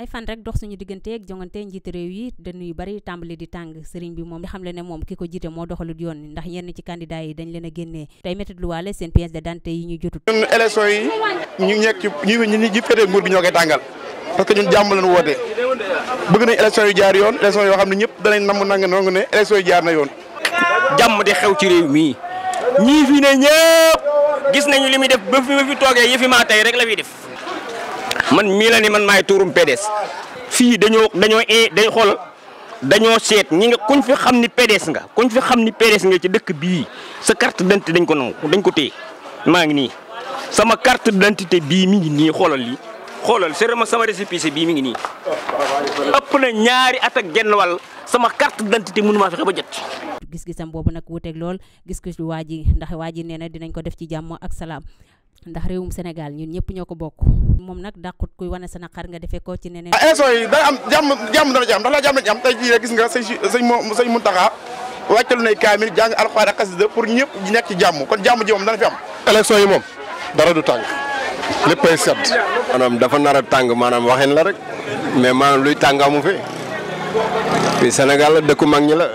ay fan rek dox suñu digganteeg jongante njiitu réew yi dañuy bari tàmbali di tàng sëriñ bi moom di xamle moom ki ko jiite moo doxalut yoon ndax yenn ci candidat yi dañ leen a génnee tey métti lu waale seen pièce d'identité yi ñu jotut. ñun élection yi ñu nekk ci bi ñoo koy tàngal parce que ñun jàmm lañu woote bëgg nañ élection yu jaar yoon élection yoo xam ne ñëpp danañ namm nanga nangu ne élection yu jaar na yoon. jàmm di xew ci réew mi ñii fi man mii la ne man maay tuurum PDS fii dañoo dañoo e, day xool dañoo seet ñi nga koñ fi xam ni PDS nga koñ fi xam ni PDS nga ci dëkk bii sa carte d'identité dañ ko nangu dañ ko téye maa ngi nii sama carte d'identité bii mi ngi nii xoolal lii xoolal c'est vraiment sama récépissé bii mi ngi nii ëpp na ñaari at genn wàll sama kart d'identité mënu maa fexe ba jot gis-gisam boobu nag wuuteeg lool gis ko waa ji ndax waa ji nee na dinañ ko def ci jàmm ak salaam ndax réewum Sénégal ñun ñëpp ñoo ko bokk moom nag dàqut kuy wane sa naqar nga defee ko ci neneen ah, élection yi dana am jàmm am ndax am tey jii rek gis nga sëñ sëñ moo sëñ Muntaxa wàccalu nay kaamil jàng alxuraan ak pour ñëpp di nekk ci jàmm kon dana fi am élection yi moom dara du tàng léppay set maanaam dafa nar a tàng maanaam waxin la rek mais maanaam luy tàng amu fi fii Sénégal la dëkku mag ñi la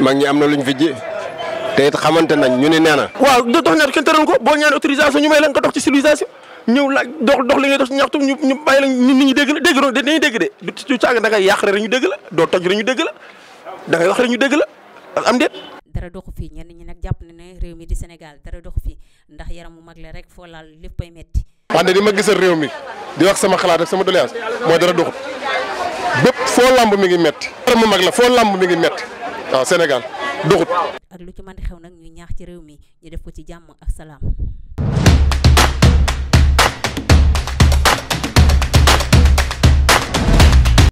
mag ñi am na luñ fi ji te it xamante nañ ñu ni nee na waaw dox ñaatu kenn tëral ko boo ñaan autorisation ñu may la nga dox ci civilisation ñëw laaj dox dox li ñi dégg la dégg dañuy dégg de du caaga da ngay yàq rek ñu dégg la doo la wax rek ñu dégg la am déet dara doxu fii ñenn ñi nag jàpp na ne réew mi di Sénégal dara doxu fii ndax yaramu mag la rek foo laal léppay metti wante di ma gisal réew mi di wax sama xalaat ak sama doléance moo dara doxut bépp foo lamb mi ngi metti yaramu mag la foo lamb mi ngi metti waaw doxut. ak lu ci mën di xew nag ñu ñaax ci réew mi ñu def ko ci jàmm ak salaam.